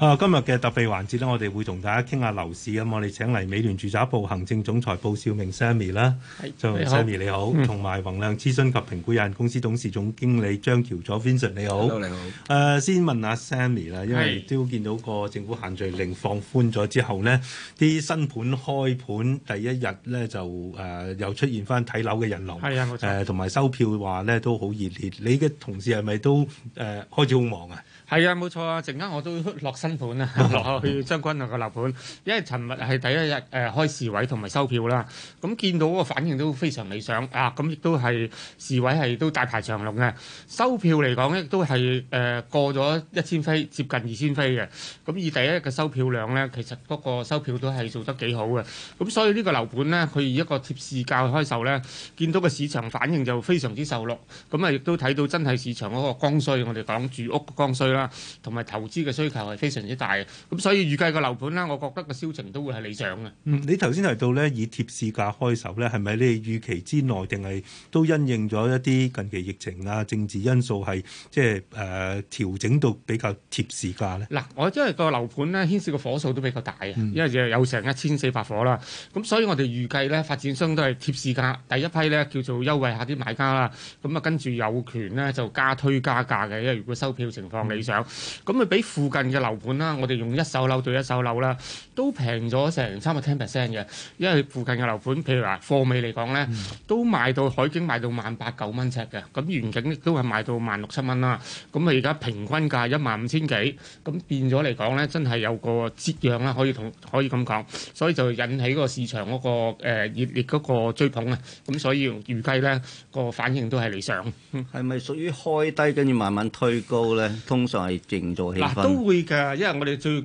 啊，今日嘅特別環節咧，我哋會同大家傾下樓市咁、啊，我哋請嚟美聯住宅部行政總裁布少明 Sammy 啦是。Sammy，了你好。同埋、嗯、泓亮諮詢及評估有限公司董事總經理張翹楚 Vincent 你好。Hello, 你好，你、呃、先問下 Sammy 啦，因為都見到個政府限聚令放寬咗之後呢，啲新盤開盤第一日咧就誒、呃、又出現翻睇樓嘅人流。係啊，冇錯。同埋收票話咧都好熱烈。你嘅同事係咪都誒、呃、開始好忙啊？係啊，冇錯啊！陣間我都落新盤啊，落去將軍澳個樓盤，因為尋日係第一日誒、呃、開示位同埋收票啦。咁見到個反應都非常理想啊！咁亦都係示位，係都大排長龍嘅。收票嚟講亦都係誒過咗一千飛，接近二千飛嘅。咁以第一日嘅收票量咧，其實嗰個收票都係做得幾好嘅。咁所以呢個樓盤咧，佢以一個貼市價開售咧，見到個市場反應就非常之受落。咁啊，亦都睇到真係市場嗰個剛需，我哋講住屋嘅剛需啦。同埋投資嘅需求係非常之大嘅，咁所以預計個樓盤啦，我覺得個銷情都會係理想嘅。嗯，你頭先提到呢，以貼市價開售呢，係咪你預期之內定係都因應咗一啲近期疫情啊政治因素係即係誒調整到比較貼市價呢？嗱、嗯，我、嗯、因為個樓盤呢，牽涉個火數都比較大嘅，因為有成一千四百火啦，咁所以我哋預計呢，發展商都係貼市價，第一批呢，叫做優惠下啲買家啦，咁啊跟住有權呢，就加推加價嘅，因為如果收票情況理想、嗯。咁咪畀附近嘅樓盤啦，我哋用一手樓對一手樓啦，都平咗成三個 ten percent 嘅。因為附近嘅樓盤，譬如話貨尾嚟講咧，都賣到海景賣到萬八九蚊尺嘅，咁園景亦都係賣到萬六七蚊啦。咁咪而家平均價一萬五千幾，咁變咗嚟講咧，真係有個折讓啦，可以同可以咁講，所以就引起個市場嗰個誒熱烈嗰個追捧啊。咁所以預計咧個反應都係理想。係咪屬於開低跟住慢慢推高咧？通常。係靜坐氣氛，嗱都會㗎，因為我哋最近誒，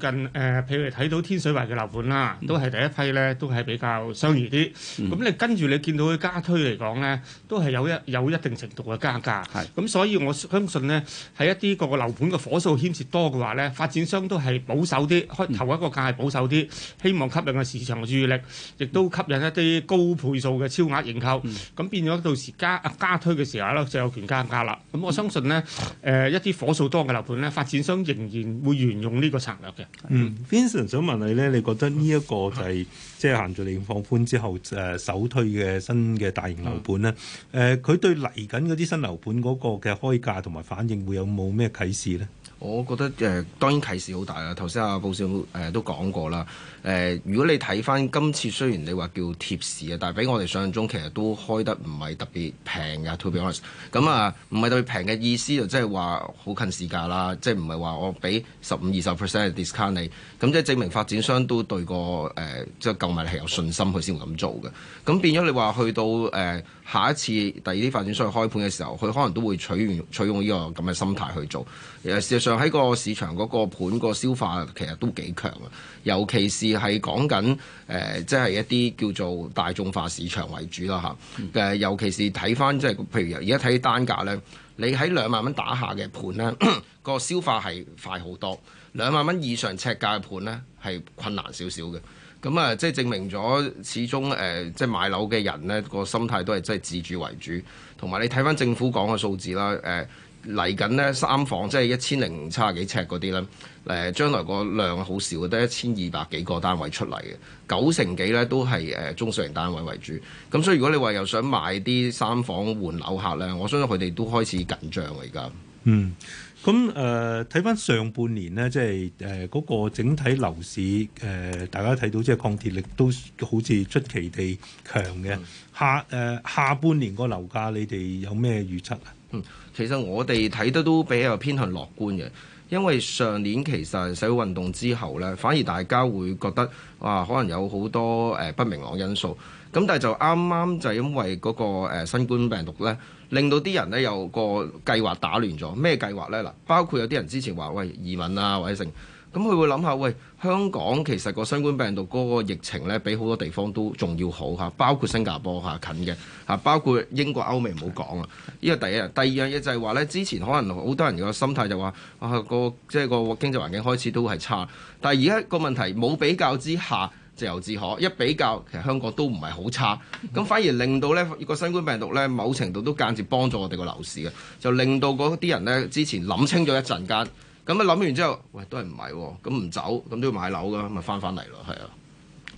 譬如睇到天水圍嘅樓盤啦，都係第一批咧，都係比較相宜啲。咁你跟住你見到佢加推嚟講咧，都係有一有一定程度嘅加價。係，咁所以我相信咧，喺一啲個個樓盤嘅火數牽涉多嘅話咧，發展商都係保守啲，開頭一個價係保守啲，希望吸引個市場嘅注意力，亦都吸引一啲高倍數嘅超額認購。咁變咗到時加加推嘅時候咧，就有權加價啦。咁我相信咧，誒一啲火數多嘅樓盤咧。發展商仍然會沿用呢個策略嘅、嗯。Vincent 想問你咧，你覺得呢一個就係即係限聚令放寬之後，誒、呃、首推嘅新嘅大型樓盤咧？誒、嗯，佢、呃、對嚟緊嗰啲新樓盤嗰個嘅開價同埋反應，會有冇咩啟示咧？我覺得誒、呃、當然啟示好大啦。頭先阿布少誒都講過啦。誒、呃、如果你睇翻今次雖然你話叫貼市，啊，但係比我哋想象中其實都開得唔係特別平㗎。To be honest，咁、嗯、啊唔係特別平嘅意思就即係話好近市價啦，即係唔係話我俾十五二十 percent discount 你。咁、嗯、即係證明發展商都對個誒、呃、即係購買係有信心，佢先會咁做嘅。咁變咗你話去到誒、呃、下一次第二啲發展商去開盤嘅時候，佢可能都會取用取用呢、這個咁嘅心態去做。事實上。喺個市場嗰個盤個消化其實都幾強、呃就是、啊，尤其是係講緊誒，即係一啲叫做大眾化市場為主啦嚇。誒，尤其是睇翻即係譬如而家睇單價呢，你喺兩萬蚊打下嘅盤、啊呃、呢，個消化係快好多。兩萬蚊以上尺價嘅盤呢，係困難少少嘅。咁啊，即係證明咗，始終誒，即係買樓嘅人呢個心態都係即係自住為主，同埋你睇翻政府講嘅數字啦，誒、呃。嚟緊呢三房即係一千零七十幾尺嗰啲呢，誒將來個量好少嘅，得一千二百幾個單位出嚟嘅，九成幾呢都係誒中小型單位為主。咁所以如果你話又想買啲三房換樓客呢，我相信佢哋都開始緊張啊而家。嗯。咁誒睇翻上半年呢，即係誒嗰個整體樓市誒、呃，大家睇到即係抗跌力都好似出奇地強嘅。下誒、呃、下半年個樓價，你哋有咩預測啊？嗯，其實我哋睇得都比較偏向樂觀嘅，因為上年其實社會運動之後咧，反而大家會覺得哇、啊，可能有好多誒、呃、不明朗因素。咁但係就啱啱就因為嗰個誒新冠病毒呢，令到啲人呢有個計劃打亂咗。咩計劃呢？嗱，包括有啲人之前話喂移民啊，或者成。嗯，咁佢會諗下喂，香港其實個新冠病毒嗰個疫情呢，比好多地方都仲要好嚇，包括新加坡嚇近嘅嚇，包括英國歐美唔好講啊。呢個第一樣，第二樣嘢就係話呢，之前可能好多人個心態就話啊，個即係個經濟環境開始都係差，但係而家個問題冇比較之下。自由自可，一比較其實香港都唔係好差，咁反而令到呢個新冠病毒呢某程度都間接幫助我哋個樓市嘅，就令到嗰啲人呢之前諗清咗一陣間，咁啊，諗完之後，喂都係唔係喎，咁唔走，咁都要買樓噶，咪翻翻嚟咯，係啊。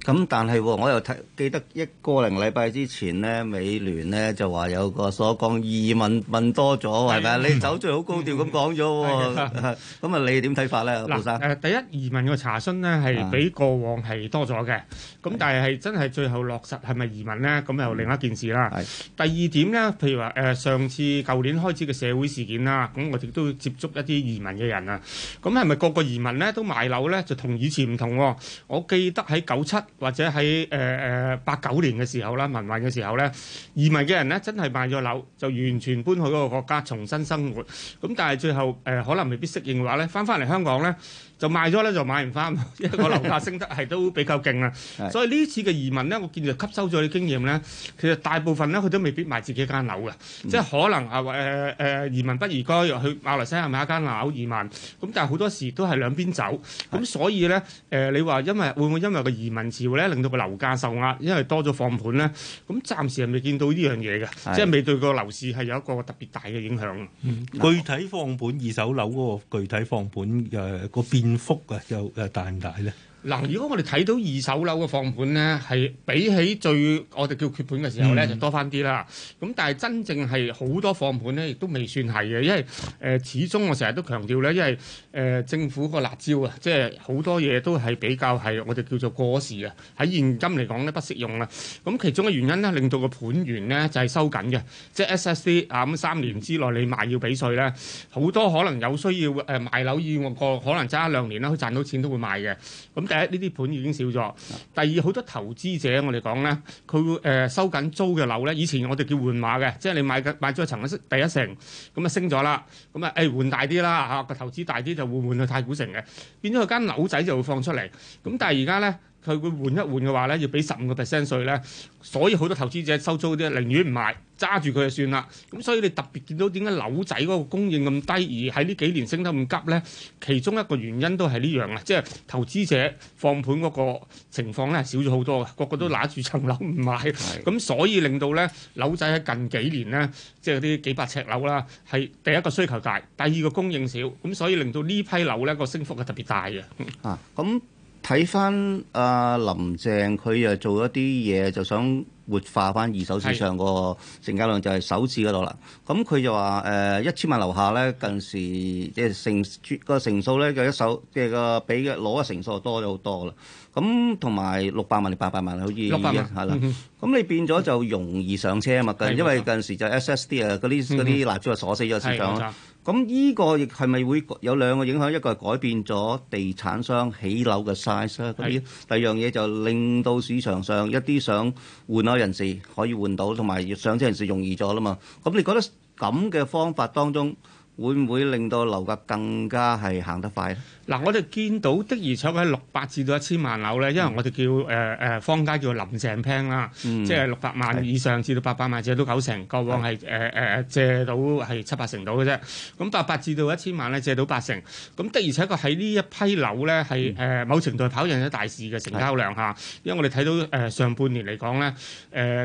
咁但係我又睇記得一個零禮拜之前咧，美聯咧就話有個所講移民問多咗，係咪啊？你走咗好高調咁講咗喎。咁啊，你點睇法咧，布生？誒，第一移民個查詢咧係比過往係多咗嘅。咁但係係真係最後落實係咪移民咧？咁又另一件事啦。第二點咧，譬如話誒，上次舊年開始嘅社會事件啦，咁我哋都接觸一啲移民嘅人啊。咁係咪個個移民咧都買樓咧？就同以前唔同喎。我記得喺九七。或者喺誒誒八九年嘅時候啦，民運嘅時候咧，移民嘅人咧真係賣咗樓，就完全搬去嗰個國家重新生活。咁但係最後誒、呃，可能未必適應嘅話咧，翻翻嚟香港咧。就賣咗咧，就買唔翻。因為個樓價升得係都比較勁啊，所以呢次嘅移民咧，我見就吸收咗啲經驗咧。其實大部分咧，佢都未必賣自己間樓嘅，即係可能啊誒誒移民不如該去馬來西亞買一間樓移民。咁但係好多時都係兩邊走。咁所以咧誒，你話因為會唔會因為個移民潮咧，令到個樓價受壓，因為多咗放盤咧？咁暫時係未見到呢樣嘢嘅，即係未對個樓市係有一個特別大嘅影響。具體放盤二手樓嗰個具體放盤誒個變。變幅啊，又誒大唔大咧？嗱，如果我哋睇到二手樓嘅放盤呢，係比起最我哋叫缺盤嘅時候呢，就多翻啲啦。咁但係真正係好多放盤呢，亦都未算係嘅，因為誒、呃、始終我成日都強調呢，因為誒、呃、政府個辣招啊，即係好多嘢都係比較係我哋叫做過時啊，喺現今嚟講呢，不適用啦。咁其中嘅原因呢，令到個盤源呢就係、是、收緊嘅，即係 SSD 啊咁三年之內你賣要俾稅呢，好多可能有需要誒、呃、賣樓以我個可能揸一兩年啦，佢賺到錢都會賣嘅，咁。誒，呢啲盤已經少咗。第二，好多投資者，我哋講咧，佢會誒收緊租嘅樓咧。以前我哋叫換馬嘅，即係你買嘅買咗一層第一城，咁啊升咗、欸、啦，咁啊誒換大啲啦嚇，個投資大啲就會換換去太古城嘅，變咗佢間樓仔就會放出嚟。咁但係而家咧。佢會換一換嘅話咧，要俾十五個 percent 稅咧，所以好多投資者收租啲寧願唔賣，揸住佢就算啦。咁所以你特別見到點解樓仔嗰個供應咁低，而喺呢幾年升得咁急咧？其中一個原因都係呢樣啊，即係投資者放盤嗰個情況咧少咗好多嘅，個個都揦住層樓唔買，咁的所以令到咧樓仔喺近幾年咧，即係啲幾百尺樓啦，係第一個需求大，第二個供應少，咁所以令到呢批樓咧個升幅係特別大嘅。啊，咁、嗯。睇翻阿林鄭，佢又做咗啲嘢，就想活化翻二手市場個成交量，就係、是、首次嗰度啦。咁佢就話誒一千萬樓下咧，近時即係成個成數咧，就一手即係個比嘅攞嘅成數多咗好多啦。咁同埋六百萬定八百萬，好似六百萬係啦。咁你、嗯、哼變咗就容易上車啊嘛！因為近時就 SSD 啊，嗰啲嗰啲辣招啊鎖死咗市場。嗯 咁呢個亦係咪會有兩個影響？一個係改變咗地產商起樓嘅 size，的第二樣嘢就令到市場上一啲想換樓人士可以換到，同埋上車人士容易咗啦嘛。咁你覺得咁嘅方法當中？會唔會令到樓價更加係行得快咧？嗱，嗯、 我哋見到的而且確喺六百至到一千萬樓咧，因為我哋叫誒誒、呃、坊間叫林成拼啦，嗯、即係六百萬以上至到八百萬借到九成，過往係誒誒借到係七八成到嘅啫。咁八百至到一千萬咧，借到八成。咁的而且確喺呢一批樓咧，係誒、嗯呃、某程度係跑贏咗大市嘅成交量嚇。嗯、因為我哋睇到誒、呃、上半年嚟講咧，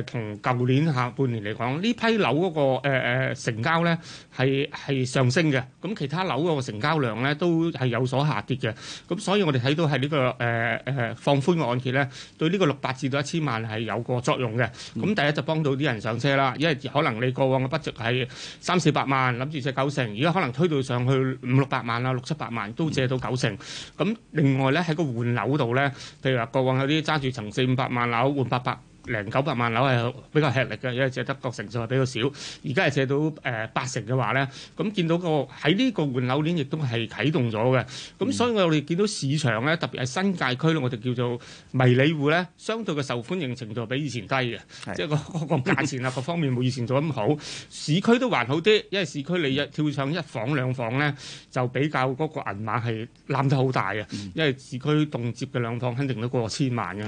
誒同舊年下半年嚟講，呢批樓嗰個誒成交咧係係上。上升嘅，咁其他樓嗰個成交量咧都係有所下跌嘅，咁所以我哋睇到係呢、呢個誒誒、呃、放寬嘅按揭咧，對呢個六百至到一千萬係有個作用嘅。咁第一就幫到啲人上車啦，因為可能你過往嘅筆值係三四百萬，諗住借九成，而家可能推到上去五六百萬啦，六七百萬都借到九成。咁另外咧喺個換樓度咧，譬如話過往有啲揸住層四五百萬樓換八百。零九百萬樓係比較吃力嘅，因為借得嘅成數係比較少。而家係借到誒、呃、八成嘅話咧，咁見到、嗰個喺呢個換樓鏈亦都係啟動咗嘅。咁所以我哋見到市場咧，特別係新界區咧，我哋叫做迷你戶咧，相對嘅受歡迎程度係比以前低嘅，是即係個個價錢啊各 方面冇以前做得咁好。市區都還好啲，因為市區你一跳上一房兩房咧，就比較嗰個銀碼係攬得好大嘅，嗯、因為市區動輒嘅兩房肯定都過千萬嘅。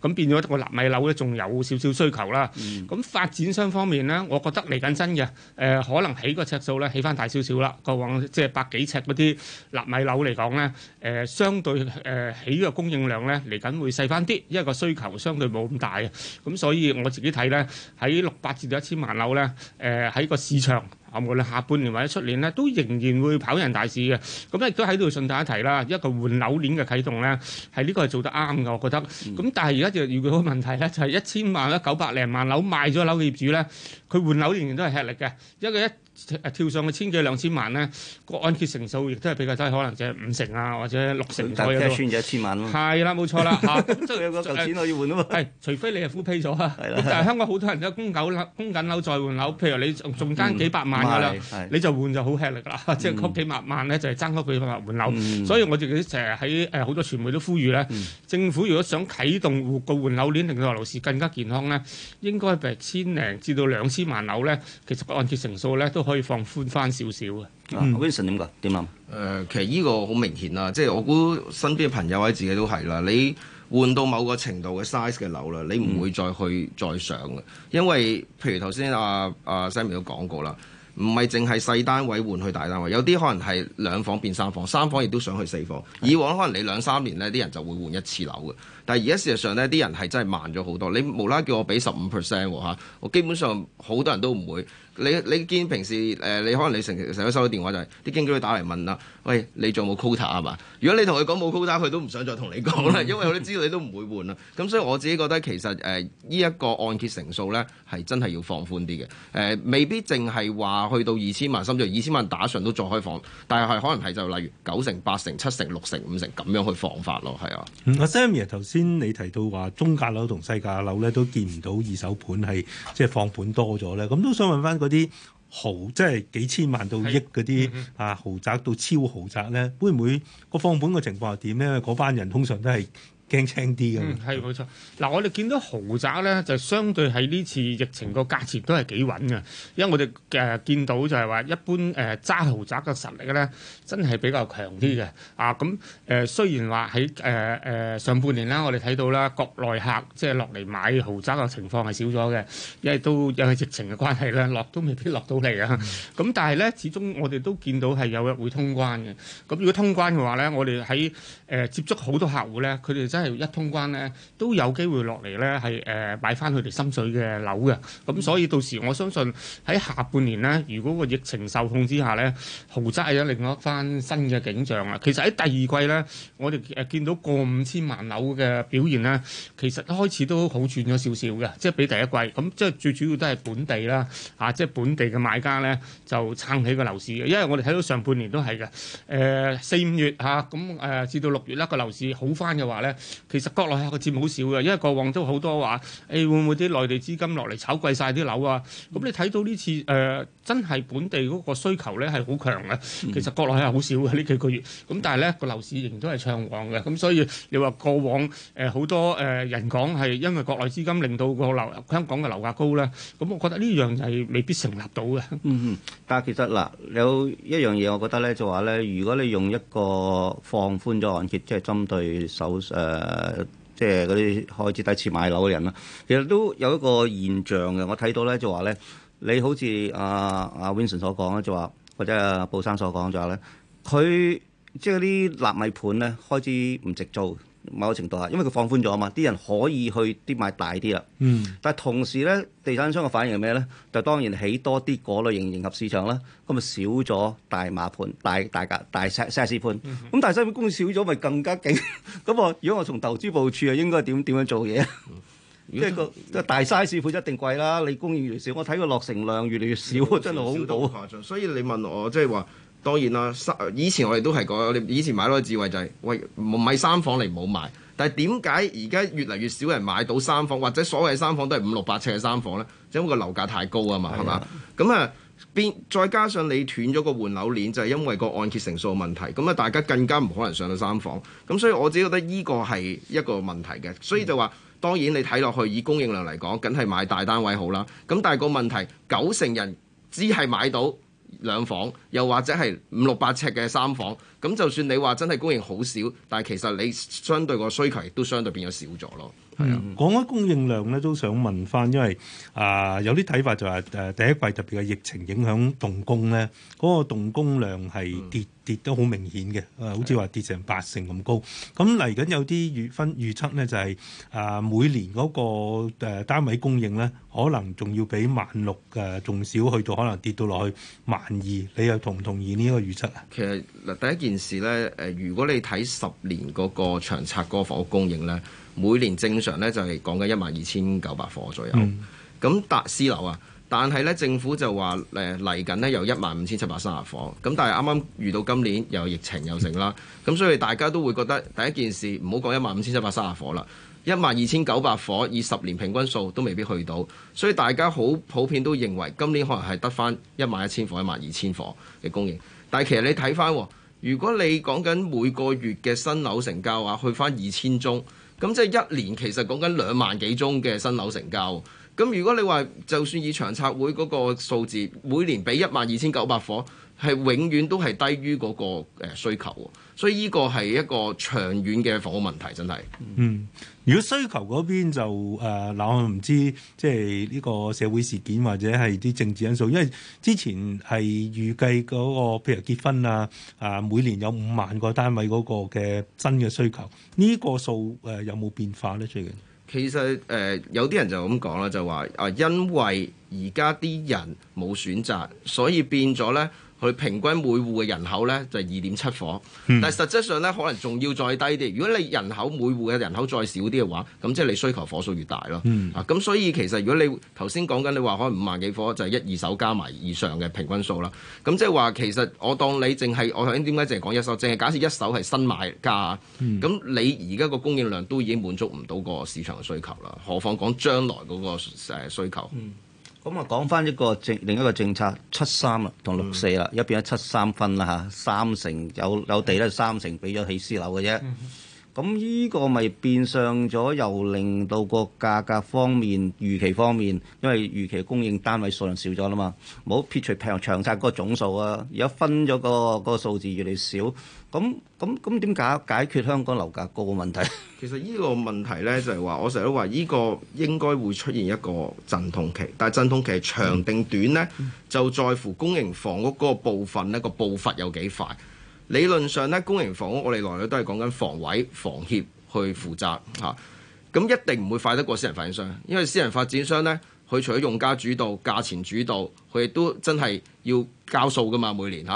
咁是變咗個納米樓咧，仲～有少少需求啦，咁、嗯、發展商方面呢，我覺得嚟緊真嘅，誒、呃、可能起個尺數呢，起翻大少少啦。過往即係百幾尺嗰啲納米樓嚟講呢，誒、呃、相對誒起個供應量呢，嚟緊會細翻啲，因為個需求相對冇咁大嘅，咁、啊、所以我自己睇呢，喺六百至到一千萬樓呢，誒、呃、喺個市場。我哋無論下半年或者出年咧，都仍然會跑人大市嘅。咁亦都喺度順帶一提啦，一個換樓鏈嘅啟動咧，係呢個係做得啱嘅，我覺得。咁、嗯、但係而家就遇到個問題咧，就係、是、一千萬咧，九百零萬樓賣咗樓嘅業主咧，佢換樓仍然都係吃力嘅，一個一。跳上去千幾兩千萬咧，個按揭成數亦都係比較低，可能就係五成啊，或者六成左右。但即係算咗一千萬咯。係、啊、啦，冇錯啦嚇，即、嗯、係、嗯、 有嗰嚿錢可以換啊嘛。係、啊，除非你係 full pay 咗啊。但係香港好多人都供樓供緊樓再換樓，譬如你仲仲爭幾百萬㗎啦，嗯、你就換就好吃力㗎啦。嗯、即係嗰幾百萬咧，就係爭嗰幾百萬換樓。所以我哋成日喺誒好多傳媒都呼籲咧，嗯、政府如果想啟動個換樓鏈令到樓市更加健康咧，應該百千零至到兩千萬樓咧，其實個按揭成數咧都。可以放寬翻少少嘅。Vincent 點㗎？點啊？嗯，其實呢個好明顯啦，啊，即係我估身邊嘅朋友或者自己都係啦。你換到某個程度嘅 size 嘅樓啦，你唔會再去再上嘅，因為譬如頭先阿阿 Sammy 都講過啦，唔係淨係細單位換去大單位，有啲可能係兩房變三房，三房亦都想去四房。以往可能你兩三年呢啲人就會換一次樓嘅，但係而家事實上呢啲人係真係慢咗好多。你無啦叫我俾十五 percent 喎，我基本上好多人都唔會。你你見平時誒，你、呃、可能你成成日收到電話，就係啲經紀都打嚟問啦。喂，你仲有冇 quota 啊嘛？如果你同佢講冇 quota，佢都唔想再同你講啦，因為佢都知道你都唔會換喇。咁所以我自己覺得其實誒，呢、呃、一、呢個按揭成數咧，係真係要放寬啲嘅。誒、呃，未必淨係話去到二千萬，甚至二千萬打上都再開放，但係可能係就例如九成、八成、七成、六成、五成咁樣去放法咯，係啊。阿 Sammy 頭先你提到話中價樓同細價樓咧都見唔到二手盤係即係放盤多咗咧，咁都想問翻嗰啲豪即係幾千萬到億嗰啲啊，豪宅到超豪宅咧，會唔會個放盤嘅情況係點咧？嗰班人通常都係。驚青啲咁，係冇、嗯、錯。嗱，我哋見到豪宅咧，就相對喺呢次疫情個價錢都係幾穩嘅，因為我哋誒、呃、見到就係話一般誒揸、呃、豪宅嘅實力咧，真係比較強啲嘅。啊，咁、嗯、誒、呃、雖然話喺誒誒上半年啦，我哋睇到啦，國內客即係落嚟買豪宅嘅情況係少咗嘅，因為都因為疫情嘅關係咧，落都未必落到嚟啊。咁、嗯、但係咧，始終我哋都見到係有日會通關嘅。咁、嗯、如果通關嘅話咧，我哋喺誒接觸好多客戶咧，佢哋真係一通關咧，都有機會落嚟咧，係誒買翻佢哋心水嘅樓嘅。咁所以到時我相信喺下半年咧，如果個疫情受控之下咧，豪宅又有另外一番新嘅景象啊！其實喺第二季咧，我哋誒見到過五千萬樓嘅表現咧，其實開始都好轉咗少少嘅，即係比第一季。咁即係最主要都係本地啦，嚇，即係本地嘅買家咧就撐起個樓市嘅。因為我哋睇到上半年都係嘅，誒四五月吓，咁誒至到六月啦，個樓市好翻嘅話咧。其實國內係個節目好少嘅，因為過往都好多話，誒、欸、會唔會啲內地資金落嚟炒貴晒啲樓啊？咁你睇到呢次誒、呃、真係本地嗰個需求咧係好強嘅。其實國內係好少嘅呢幾個月。咁但係咧個樓市仍然都係暢旺嘅。咁所以你話過往誒好、呃、多誒人講係因為國內資金令到個樓香港嘅樓價高咧，咁我覺得呢樣就係未必成立到嘅。嗯嗯，但係其實嗱、呃，有一樣嘢我覺得咧就話咧，如果你用一個放寬咗按揭，即、就、係、是、針對首誒。呃誒、呃，即係嗰啲開始第一次買樓嘅人啦，其實都有一個現象嘅，我睇到咧就話咧，你好似阿阿 Vincent 所講咧，就話或者阿布生所講就話咧，佢即係嗰啲納米盤咧，開始唔值租。某個程度啊，因為佢放寬咗啊嘛，啲人可以去啲買大啲啦。嗯。但係同時咧，地產商嘅反應係咩咧？就當然起多啲嗰類型迎合市場啦。咁啊，少咗大碼盤、大大㗎大 size 盤。咁大 size 盤供少咗，咪更加勁。咁啊，如果我從投資部署，啊，應該點點樣，樣做嘢啊？即 係個大 size 盤一定貴啦，你供越來越少，我睇個落成量越嚟越少，真係好恐怖。所以你問我即係話。就是當然啦，三以前我哋都係講、那個，以前買多個智慧就係、是、喂唔係三房嚟冇買。但係點解而家越嚟越少人買到三房，或者所謂三房都係五六百尺嘅三房咧？因為個樓價太高啊嘛，係嘛是的？咁啊，變再加上你斷咗個換樓鏈，就係、是、因為個按揭成數問題。咁啊，大家更加唔可能上到三房。咁所以我只覺得依個係一個問題嘅。所以就話，當然你睇落去以供應量嚟講，梗係買大單位好啦。咁但係個問題，九成人只係買到。兩房，又或者係五六百尺嘅三房，咁就算你話真係供應好少，但係其實你相對個需求亦都相對變咗少咗咯。係啊，講緊供應量咧，都想問翻，因為啊，有啲睇法就話誒第一季特別嘅疫情影響動工咧，嗰個動工量係跌跌都好明顯嘅，誒好似話跌成八成咁高。咁嚟緊有啲預分預測咧，就係啊每年嗰個誒單位供應咧，可能仲要比萬六誒仲少，去到可能跌到落去萬二。你又同唔同意呢一個預測啊？其實嗱，第一件事咧，誒如果你睇十年嗰個長策嗰個房屋供應咧。每年正常咧就係講緊一萬二千九百伙左右。咁但、嗯、私樓啊，但係咧政府就話誒嚟緊咧有一萬五千七百三十伙。咁但係啱啱遇到今年又有疫情又成啦。咁所以大家都會覺得第一件事唔好講一萬五千七百三十伙啦，一萬二千九百伙以十年平均數都未必去到。所以大家好普遍都認為今年可能係得翻一萬一千伙、一萬二千伙嘅供應。但係其實你睇翻，如果你講緊每個月嘅新樓成交話，去翻二千宗。咁即係一年其實講緊兩萬幾宗嘅新樓成交，咁如果你話就算以長策會嗰個數字，每年俾一萬二千九百伙，係永遠都係低於嗰個誒需求喎。所以呢個係一個長遠嘅房屋問題，真係。嗯，如果需求嗰邊就誒，嗱、呃、我唔知，即係呢個社會事件或者係啲政治因素，因為之前係預計嗰、那個譬如結婚啊，啊每年有五萬個單位嗰個嘅真嘅需求，呢、這個數誒有冇變化咧？最近其實誒、呃、有啲人就咁講啦，就話啊，因為而家啲人冇選擇，所以變咗咧。佢平均每戶嘅人口呢就係二點七火，但係實際上呢，可能仲要再低啲。如果你人口每戶嘅人口再少啲嘅話，咁即係你需求火數越大咯。嗯、啊，咁所以其實如果你頭先講緊你話可能五萬幾火，就係一二手加埋以上嘅平均數啦。咁即係話其實我當你淨係我頭先點解淨係講一手，淨係假設一手係新買家，咁、嗯、你而家個供應量都已經滿足唔到個市場嘅需求啦，何況講將來嗰個需求。嗯咁啊，講翻一個政另一個政策，七三啊同六四啦，嗯、一變咗七三分啦嚇，三成有有地咧，三成俾咗起私樓嘅啫。嗯咁呢個咪變相咗，又令到個價格方面、預期方面，因為預期供應單位數量少咗啦嘛，冇撇除長長曬個總數啊，而家分咗、嗰個、嗰個數字越嚟越少，咁咁咁點解解決香港樓價高嘅問題？其實呢個問題呢，就係話，我成日都話呢個應該會出現一個陣痛期，但係陣痛期長定短呢，嗯、就在乎公營房屋嗰個部分呢、呢個步伐有幾快。理論上咧，公營房屋我哋來講都係講緊房委、房協去負責吓，咁、啊、一定唔會快得過私人發展商，因為私人發展商咧佢除咗用家主導、價錢主導，佢亦都真係要交數㗎嘛，每年吓，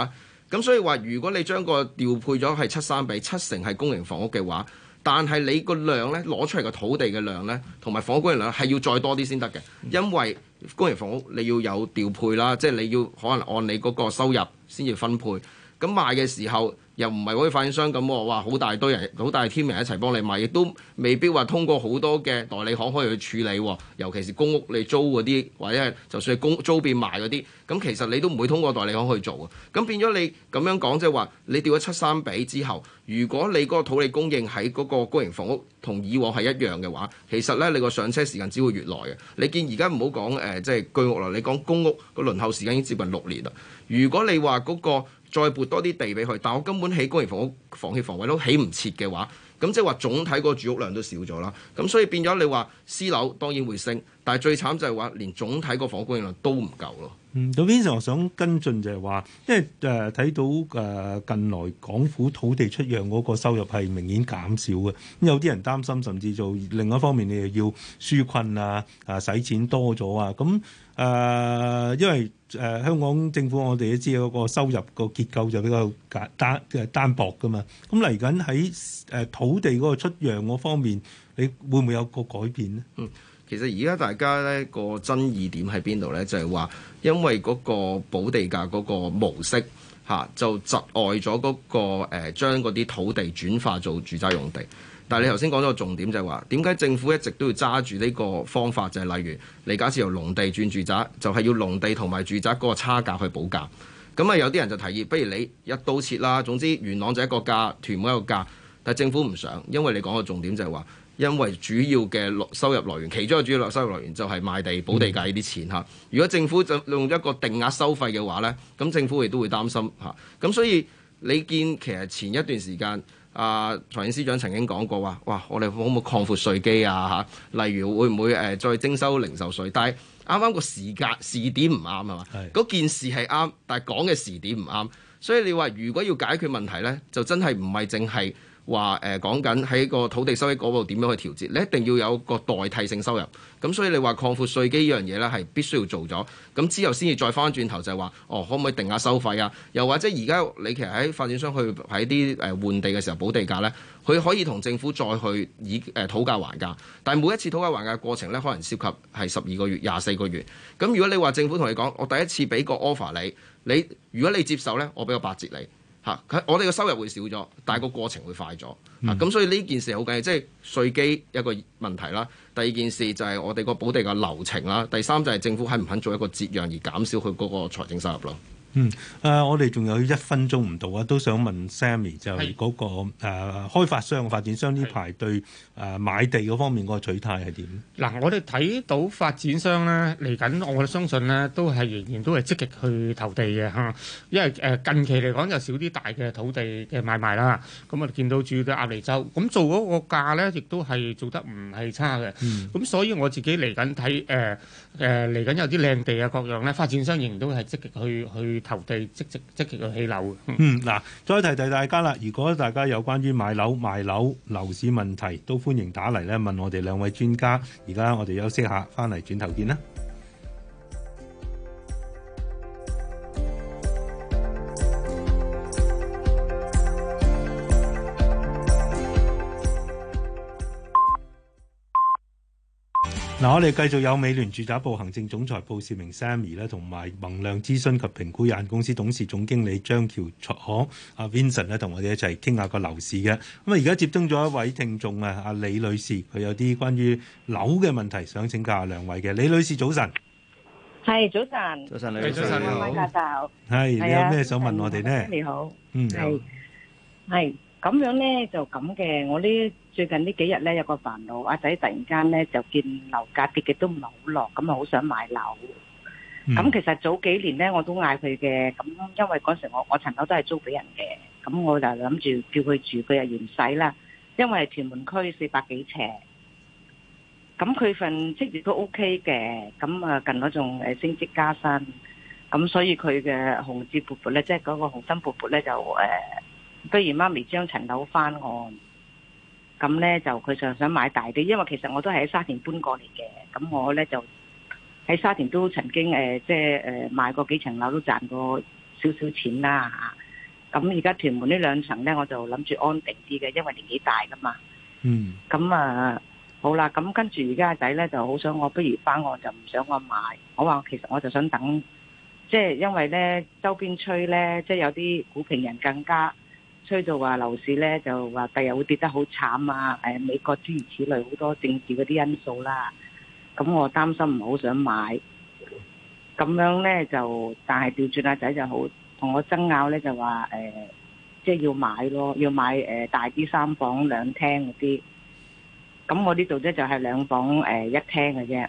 咁、啊、所以話如果你將個調配咗係七三比七成係公營房屋嘅話，但係你個量咧，攞出嚟嘅土地嘅量咧，同埋房屋供應量係要再多啲先得嘅，因為公營房屋你要有調配啦，即係你要可能按你嗰個收入先至分配。咁賣嘅時候又唔係好似發展商咁，哇！好大堆人，好大 team 人一齊幫你賣，亦都未必話通過好多嘅代理行可以去處理。尤其是公屋你租嗰啲，或者係就算係公租變賣嗰啲，咁其實你都唔會通過代理行去做嘅。咁變咗你咁樣講，即係話你掉咗七三比之後，如果你嗰個土地供應喺嗰個公營房屋同以往係一樣嘅話，其實咧你個上車時間只會越耐嘅。你見而家唔好講誒，即、呃、係、就是、居屋來你講居屋啦，你講公屋個輪候時間已經接近六年啦。如果你話嗰個再撥多啲地俾佢，但我根本起公營房屋、房協房位都起唔切嘅話，咁即係話總體個住屋量都少咗啦。咁所以變咗你話私樓當然會升，但係最慘就係話連總體個房屋供應量都唔夠咯。嗯，到邊時候想跟進就係話，因為誒睇、呃、到誒、呃、近來港府土地出讓嗰個收入係明顯減少嘅，咁有啲人擔心，甚至做另外一方面你又要紓困啊啊使錢多咗啊咁。嗯誒，uh, 因為誒、uh, 香港政府我哋都知嗰個收入個結構就比較簡單即係單薄噶嘛，咁嚟緊喺誒土地嗰個出讓嗰方面，你會唔會有個改變咧？嗯，其實而家大家咧、嗰個爭議點喺邊度咧？就係、是、話因為嗰個保地價嗰個模式嚇、啊，就窒礙咗嗰個誒、呃、將嗰啲土地轉化做住宅用地。但係你頭先講咗個重點就係話，點解政府一直都要揸住呢個方法？就係例如，你假設由農地轉住宅，就係要農地同埋住宅嗰個差價去補價。咁啊，有啲人就提議，不如你一刀切啦。總之，元朗就一個價，屯門一個價。但係政府唔想，因為你講個重點就係話，因為主要嘅收入來源，其中嘅主要收入來源就係賣地補地價呢啲錢嚇。嗯、如果政府就用一個定額收費嘅話咧，咁政府亦都會擔心嚇。咁所以你見其實前一段時間。啊，財政司長曾經講過話，哇，我哋可唔可以擴闊稅基啊？嚇、啊，例如會唔會誒、呃、再徵收零售稅？但係啱啱個時間時點唔啱啊嘛，嗰是件事係啱，但係講嘅時點唔啱，所以你話如果要解決問題咧，就真係唔係淨係。話誒講緊喺個土地收益嗰度點樣去調節？你一定要有個代替性收入。咁所以你話擴闊稅基呢樣嘢咧，係必須要做咗。咁之後先至再翻轉頭就係話，哦，可唔可以定價收費啊？又或者而家你其實喺發展商去喺啲誒換地嘅時候補地價咧，佢可以同政府再去以誒討價還價。但係每一次討價還價嘅過程咧，可能涉及係十二個月、廿四個月。咁如果你話政府同你講，我第一次俾個 offer 你，你如果你接受咧，我俾個八折你。嚇！我我哋嘅收入會少咗，但係個過程會快咗。咁、嗯啊、所以呢件事好緊要，即係稅基一個問題啦。第二件事就係我哋個補地嘅流程啦。第三就係政府肯唔肯做一個折讓而減少佢嗰個財政收入咯。嗯，誒、呃，我哋仲有一分鐘唔到啊，都想問 Sammy 就嗰、那個誒是、呃、開發商、發展商呢排對誒是買地嗰方面個取態係點？嗱，我哋睇到發展商咧嚟緊，我相信呢都係仍然都係積極去投地嘅嚇，因為誒、呃、近期嚟講就少啲大嘅土地嘅買賣啦，咁我哋見到主要嘅壓力就咁做嗰個價咧，亦都係做得唔係差嘅，咁、嗯、所以我自己嚟緊睇誒誒嚟緊有啲靚地啊各樣咧，發展商仍,仍然都係積極去去。去投地積極積極去起樓嘅。嗯，嗱、嗯，再提提大家啦。如果大家有關於買樓賣樓樓市問題，都歡迎打嚟咧問我哋兩位專家。而家我哋休息下，翻嚟轉頭見啦。嗱，我哋繼續有美聯住宅部行政總裁布少明 Sammy 咧，同埋泓亮諮詢及評估有限公司董事總經理張翹楚可阿 Vincent 咧，同我哋一齊傾下個樓市嘅。咁啊，而家接觸咗一位聽眾啊，阿李女士，佢有啲關於樓嘅問題想請教下兩位嘅。李女士，早晨。係，早晨。早晨，李女士。早晨，你好。係，你有咩想問我哋咧？你好。嗯。係。係咁樣咧，就咁嘅。我呢？最近幾呢幾日咧有個煩惱，阿仔突然間咧就見樓價跌嘅都唔係好落，咁啊好想買樓。咁、嗯、其實早幾年咧我都嗌佢嘅，咁因為嗰時我我層樓都係租俾人嘅，咁我就諗住叫佢住，佢又嫌細啦。因為屯門區四百幾尺，咁佢份職業都 OK 嘅，咁啊近咗仲誒升職加薪，咁所以佢嘅紅字勃勃咧，即係嗰個紅心勃勃咧就誒、呃，不如媽咪將層樓翻我。咁咧就佢就想買大啲，因為其實我都係喺沙田搬過嚟嘅。咁我咧就喺沙田都曾經誒，即係誒買過幾層樓都賺過少少錢啦嚇。咁而家屯門呢兩層咧，我就諗住安定啲嘅，因為年紀大噶嘛。嗯。咁啊，好啦，咁跟住而家仔咧就好想我，不如翻我，就唔想我買。我話其實我就想等，即係因為咧周邊催咧，即係有啲股評人更加。推到話樓市咧就話第日會跌得好慘啊！誒，美國諸如此類好多政治嗰啲因素啦、啊，咁、嗯、我擔心唔好想買。咁樣咧就，但係調轉阿仔就好同我爭拗咧，就話誒、呃，即係要買咯，要買誒、呃、大啲三房兩廳嗰啲。咁、嗯我，就是呃嗯呃、我呢度咧就係兩房誒一廳嘅啫。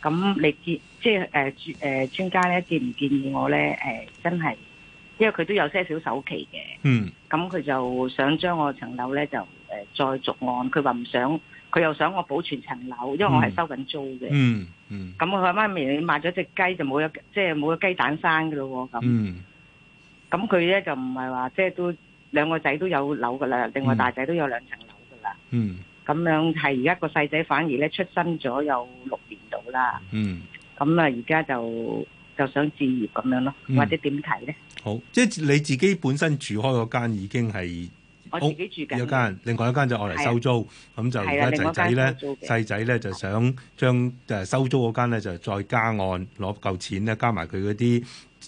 咁你見即係誒專誒專家咧建唔建議我咧誒真係？因為佢都有些少首期嘅，咁佢、嗯嗯、就想將我層樓咧就誒、呃、再續按。佢話唔想，佢又想我保存層樓，因為我係收緊租嘅、嗯。嗯嗯，咁佢話媽咪你賣咗隻雞就冇咗即係冇咗雞蛋生噶咯咁。咁佢咧就唔係話，即、就、係、是、都兩個仔都有樓噶啦，另外大仔都有兩層樓噶啦。嗯，咁樣係而家個細仔反而咧出生咗有六年度啦。嗯，咁啊而家就就想置業咁樣咯，或者點睇咧？好，即係你自己本身住開嗰間已經係，我自己，住緊一間，另外一間就按嚟收租，咁的就而家仔仔咧，細仔咧就想將誒收租嗰間咧就再加按攞嚿錢咧加埋佢嗰啲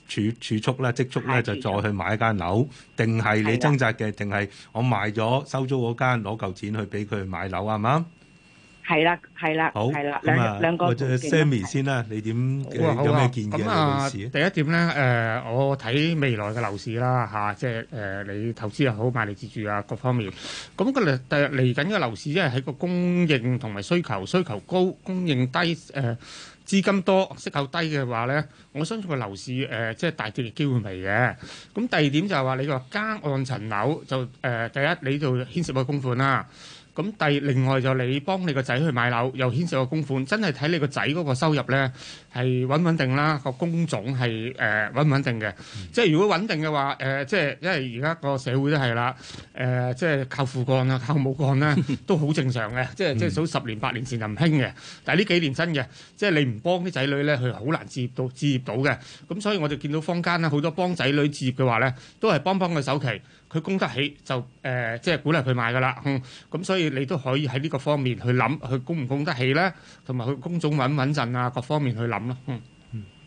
儲儲蓄咧積蓄咧就再去買一間樓，定係的你掙扎嘅，定係我賣咗收租嗰間攞嚿錢去俾佢買樓係咪？係啦，係啦，係啦。咁啊，或者 Sammy 先啦，你點有咩建議呢？件事？第一點咧，誒，我睇未來嘅樓市啦，嚇，即係誒，你投資又好，買嚟自住啊，各方面。咁嘅嚟第嚟緊嘅樓市，即係喺個供應同埋需求，需求高，供應低，誒，資金多，息口低嘅話咧，我相信個樓市誒，即係大跌嘅機會未嘅。咁第二點就係話，你個加按層樓就誒，第一你就牽涉到供款啦。咁第另外就你幫你個仔去買樓，又牽涉個供款，真係睇你個仔嗰個收入咧係穩唔穩定啦，個工種係誒、呃、穩唔穩定嘅。嗯、即係如果穩定嘅話，誒、呃、即係因為而家個社會都係啦，誒、呃、即係靠父幹啊，靠母幹咧都好正常嘅。 即係即係數十年、八年前就唔興嘅，但係呢幾年真嘅，即係你唔幫啲仔女咧，佢好難置業到置業到嘅。咁、嗯、所以我哋見到坊間咧好多幫仔女置業嘅話咧，都係幫幫佢首期。佢供得起就誒、呃，即係鼓勵佢買噶啦，咁、嗯嗯、所以你都可以喺呢個方面去諗，佢供唔供得起呢？同埋佢工種穩唔穩陣啊，各方面去諗咯，嗯。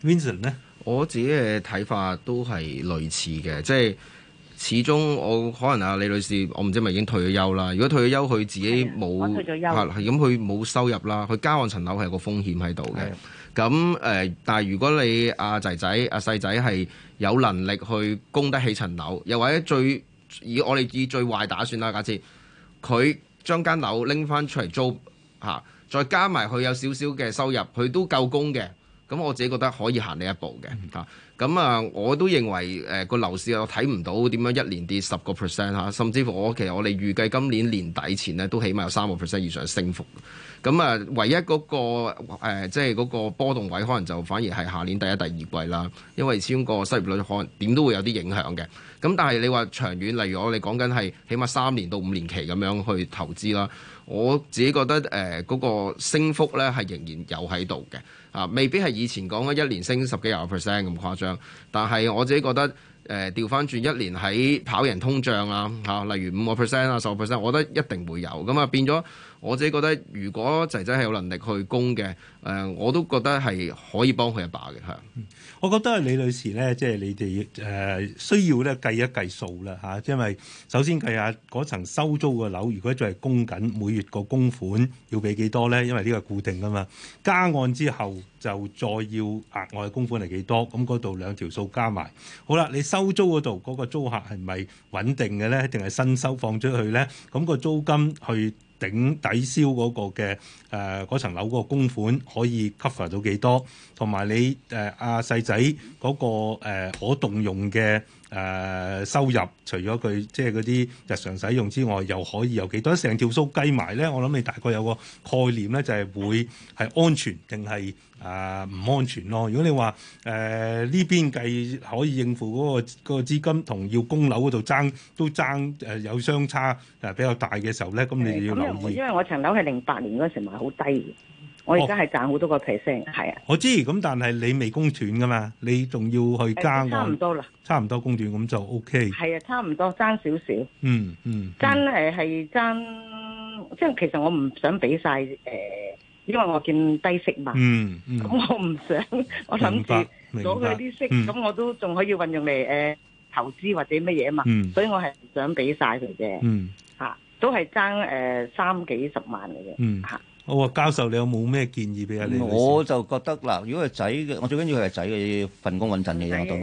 Vincent 咧呢，我自己嘅睇法都係類似嘅，即係始終我可能啊李女士，我唔知係咪已經退咗休啦。如果退咗休，休，佢自己冇，咁佢冇收入啦。佢加按層樓係有個風險喺度嘅。咁誒的、呃，但係如果你阿仔、啊、仔、阿、啊、細仔係有能力去供得起層樓，又或者最以我哋以最壞打算啦，假設佢將間樓拎翻出嚟租吓，再加埋佢有少少嘅收入，佢都夠供嘅。咁我自己覺得可以行呢一步嘅吓。咁、嗯、啊，我都認為誒個、呃、樓市我睇唔到點樣一年跌十個 percent 吓，甚至乎我其實我哋預計今年年底前咧都起碼有三個 percent 以上升幅。咁啊，唯一嗰、嗰個即係嗰個波動位，可能就反而係下年第一、第二季啦，因為始終個失業率可能點都會有啲影響嘅。咁但係你話長遠，例如我哋講緊係起碼三年到五年期咁樣去投資啦，我自己覺得誒嗰、呃那個升幅呢係仍然有喺度嘅啊，未必係以前講緊一年升十幾廿個 percent 咁誇張，但係我自己覺得誒調翻轉一年喺跑贏通脹啊嚇、啊，例如五個 percent 啊十個 percent，我覺得一定會有咁啊、嗯、變咗。我自己覺得，如果仔仔係有能力去供嘅，誒、呃，我都覺得係可以幫佢一把嘅嚇。我覺得係李女士咧，即係你哋誒、呃、需要咧計一計數啦嚇，因、啊、為首先計下嗰層收租嘅樓，如果再係供緊，每月個供款要俾幾多咧？因為呢個係固定㗎嘛。加按之後就再要額外嘅供款係幾多？咁嗰度兩條數加埋。好啦，你收租嗰度嗰個租客係咪穩定嘅咧？定係新收放出去咧？咁、那個租金去頂抵消嗰個嘅誒、嗰層樓嗰個供款可以 cover 到幾多，同埋你誒、阿、呃啊、細仔嗰，嗰個誒、呃、可動用嘅。誒、呃、收入除咗佢即係嗰啲日常使用之外，又可以有幾多？成條數計埋咧，我諗你大概有個概念咧，就係、是、會係安全定係誒唔安全咯？如果你話誒呢邊計可以應付嗰、那個、那個資金同要供樓嗰度爭都爭誒、呃、有相差誒比較大嘅時候咧，咁你就要留意。因為因為我層樓係零八年嗰時買好低。我而家係賺好多個 percent，係啊！我知，咁但係你未供斷㗎嘛？你仲要去爭差唔多啦，差唔多供斷咁就 OK。係啊，差唔多爭少少。嗯嗯，爭誒係爭，即係其實我唔想俾晒，誒、呃，因為我見低息嘛。嗯咁、嗯、我唔想，我諗住攞佢啲息，咁、嗯、我都仲可以運用嚟誒、呃、投資或者乜嘢啊嘛。嗯、所以我係唔想俾晒佢啫。嗯。嚇，都係爭誒三幾十萬嚟嘅嗯。嚇、嗯。我話教授，你有冇咩建議俾啊、嗯？我就覺得嗱，如果係仔嘅，我最緊要佢係仔嘅，要份工穩陣嘅。哎、呀我對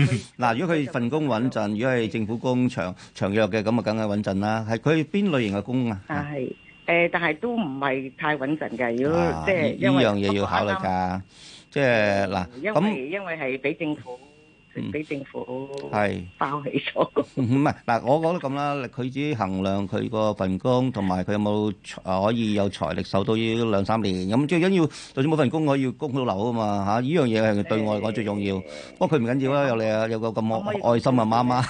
我嗱， 以如果佢份工穩陣，嗯、如果係政府工長長弱嘅，咁啊梗係穩陣啦。係佢邊類型嘅工啊？係誒、啊呃，但係都唔係太穩陣嘅。如果即係呢樣嘢要考慮㗎，即係嗱，咁因為，因為係俾政府。俾政府係包起咗，唔係嗱，我覺得咁啦。佢自己衡量佢個份工同埋佢有冇可以有財力受到呢兩三年。咁最緊要就算冇份工，可以供到樓啊嘛嚇。呢樣嘢係對我嚟講最重要。不過佢唔緊要啦，有你啊，有個咁愛愛心啊媽媽，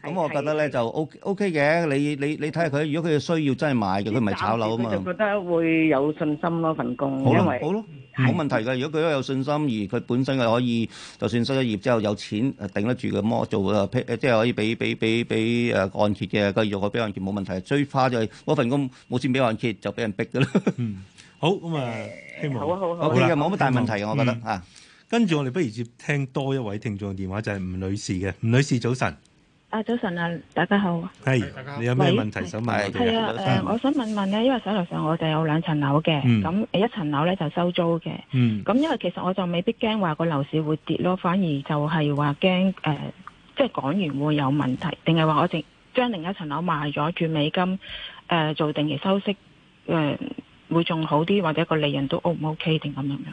咁我覺得咧就 O O K 嘅。你你你睇下佢，如果佢需要真係買嘅，佢唔係炒樓啊嘛。就覺得會有信心咯，份工，因為好咯，冇問題嘅。如果佢都有信心，而佢本身嘅可以，就算失咗業之後有。錢誒頂得住嘅麼？做誒即係可以俾俾俾俾誒按揭嘅，繼續可以俾按揭冇問題。最怕就係嗰份工冇錢俾按揭，就俾人逼㗎啦。嗯，好咁啊，希望 好啊好啦，啊，冇乜，啊、Okay, 大問題嘅，望我覺得嚇。嗯啊，跟住我哋不如接聽多一位聽眾嘅電話，就係、是、吳女士嘅。吳女士早晨。啊早晨啊，大家好。係，你有咩問題想買？係啊，誒，我想問問咧，因為手頭上我就有兩層樓嘅，咁一層樓咧就收租嘅。嗯。咁因為其實我就未必驚話個樓市會跌咯，反而就係話驚誒，即係港元會有問題，定係話我淨將另一層樓賣咗轉美金，誒做定期收息，誒會仲好啲，或者個利潤都 O 唔 O K 定咁樣樣？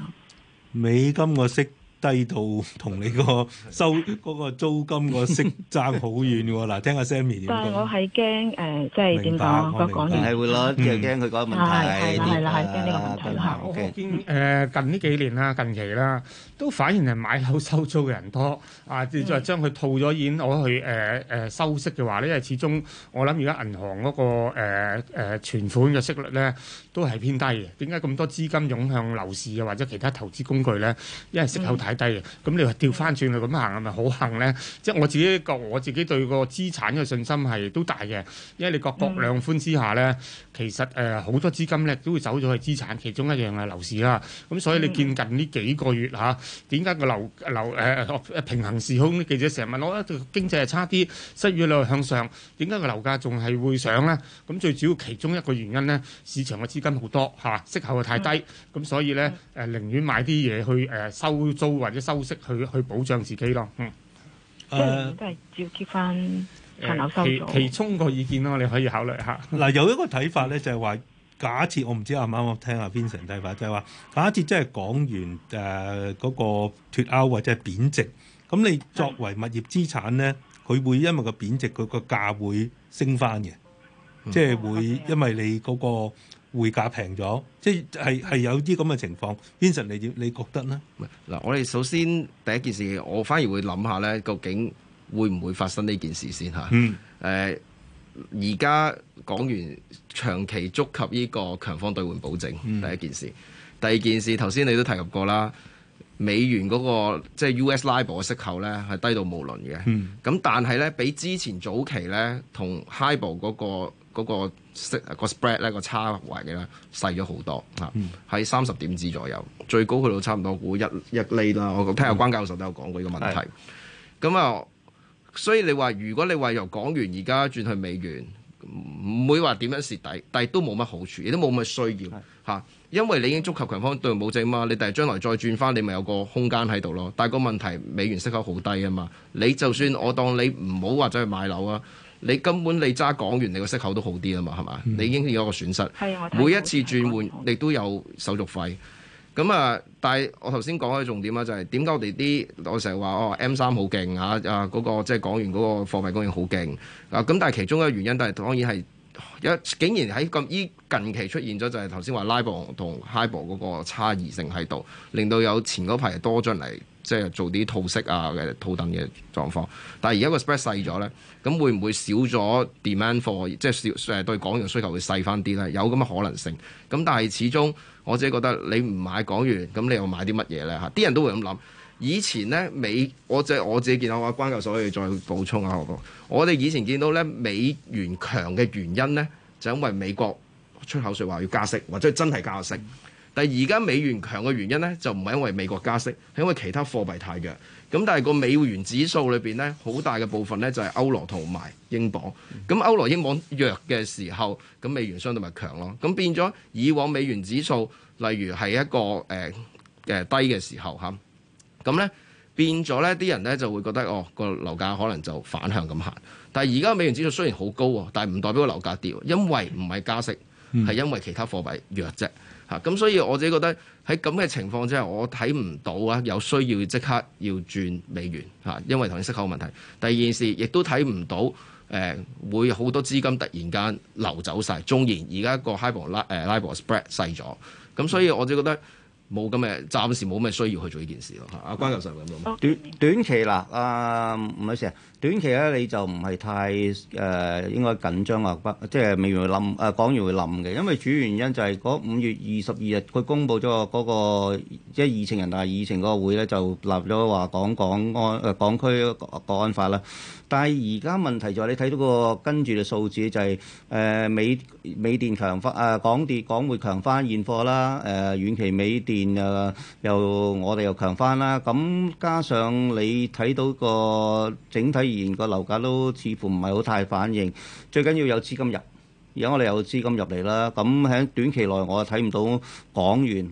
美金我識。低到同你個收嗰個租金個息爭好遠喎！嗱，聽下 Sammy 點講。但係我係驚誒，即係點講？嗰個係會咯，即係驚佢嗰個問題。係啦，係啦，係驚呢個問題啦。我見誒近呢幾年啦，近期啦，都反而係買樓收租嘅人多。啊，再將佢套咗錢攞去誒誒收息嘅話咧，因為始終我諗而家銀行嗰個誒誒存款嘅息率咧都係偏低嘅。點解咁多資金湧向樓市啊，或者其他投資工具咧？因為息口太～低咁你話調翻轉去咁行係咪好行咧？即係我自己覺，我自己對個資產嘅信心係都大嘅，因為你各國兩寬之下咧，其實誒好多資金咧都會走咗去資產，其中一樣係樓市啦。咁所以你見近呢幾個月嚇，點解個樓樓誒平衡時空？記者成日問我啊，經濟係差啲，失業率向上，點解個樓價仲係會上咧？咁最主要其中一個原因咧，市場嘅資金好多嚇，息口又太低，咁所以咧誒寧願買啲嘢去誒收租。或者收息去去保障自己咯，嗯、呃，即係都係照接翻，呃、其其中個意見咯，你可以考慮下。嗱、呃，有一個睇法咧，就係、是、話假設我唔知啱唔啱，我剛剛聽下阿 Vincent 睇法，就係、是、話假設真係講完誒嗰、呃，那個脫歐或者係貶值，咁你作為物業資產咧，佢是會因為個貶值，佢個價會升翻嘅，即係、嗯、會因為你嗰、那個。匯價平咗，即係係有啲咁嘅情況。Vanson， 你點你覺得呢？嗱， 我哋首先第一件事，我反而會諗下呢，究竟會唔會發生呢件事先吓，嗯。而家港元長期觸及呢個強方兌換保證，第一件事。嗯、第二件事，頭先你都提及過啦，美元嗰、那個即係 US LIBOR 嘅息口呢，係低到無倫嘅。嗯。咁但係呢，比之前早期呢，同 HIBOR、那、l 嗰個嗰個 spread 咧個差位嘅咧細咗好多吓，喺三十點子左右，最高去到差唔多估一一釐啦。我，我聽阿關教授都有講過呢個問題。咁啊對、呃，所以你話如果你話由港元而家轉去美元，唔會話點樣蝕底，但係都冇乜好處，亦都冇乜需要吓，是 因為你已經足球強方對冇證嘛。你第日將來再轉翻，你咪有個空間喺度咯。但係個問題，美元息口好低啊嘛。你就算我當你唔好話走去買樓啊。你根本你揸港元，你個息口都好啲啊嘛，係嘛？嗯、你已經有一個損失。每一次轉換，你都有手續費。咁、就是哦啊，啊，那個就是、啊，但係我頭先講嘅重點啊，就係點解我哋啲我成日話哦，M 三好勁啊啊，嗰個即係港元嗰個貨幣供應好勁啊。咁但係其中一個原因都係當然係一竟然喺咁依近期出現咗，就係頭先話 LIBOR 同 HIBOR 嗰個差異性喺度，令到有前嗰排多進嚟。即係做啲套息啊嘅套戥嘅狀況，但係而家個 spread 細咗呢，咁會唔會少咗 demand for？即係少誒對港元需求會細返啲呢？有咁嘅可能性。咁但係始終，我自己覺得你唔買港元，咁你又買啲乜嘢呢？嚇，啲人都會咁諗。以前呢，美，我即係我自己見到，我關教授可以再補充下我。我哋以前見到呢美元強嘅原因呢，就因為美國出口説話要加息，或者真係加息。但係而家美元強嘅原因咧，就唔係因為美國加息，係因為其他貨幣太弱。咁但係個美元指數裏邊咧，好大嘅部分咧就係歐羅同埋英鎊。咁歐羅英鎊弱嘅時候，咁美元相對咪強咯。咁變咗以往美元指數，例如係一個誒誒、呃呃、低嘅時候嚇，咁、啊、咧變咗咧啲人咧就會覺得哦個樓價可能就反向咁行。但係而家美元指數雖然好高，但係唔代表個樓價跌，因為唔係加息，係因為其他貨幣弱啫。嚇，咁所以我自己覺得喺咁嘅情況之下，我睇唔到啊有需要即刻要轉美元嚇，因為頭先息口問題。第二件事亦都睇唔到誒會好多資金突然間流走晒，縱然而家個 HIBOR 拉誒 LIBOR spread 細咗，咁所以我就覺得冇咁嘅暫時冇咩需要去做呢件事咯嚇。阿關教授咁樣。短短期嗱誒唔好意思啊。短期咧你就唔係太誒、呃、應該緊張啊，不即係美元會冧誒港元會冧嘅，因為主要原因就係嗰五月二十二日佢公布咗、那個個即係議程人大議程個會咧就立咗話港港安誒、呃、港區國國安法啦。但係而家問題就係你睇到個跟住嘅數字就係、是、誒、呃、美美電強翻誒港跌港匯強翻現貨啦，誒、呃、遠期美電啊、呃，又我哋又強翻啦。咁加上你睇到個整體。個樓價都似乎唔係好太反應，最緊要有資金入，而家我哋有資金入嚟啦。咁喺短期內我睇唔到港元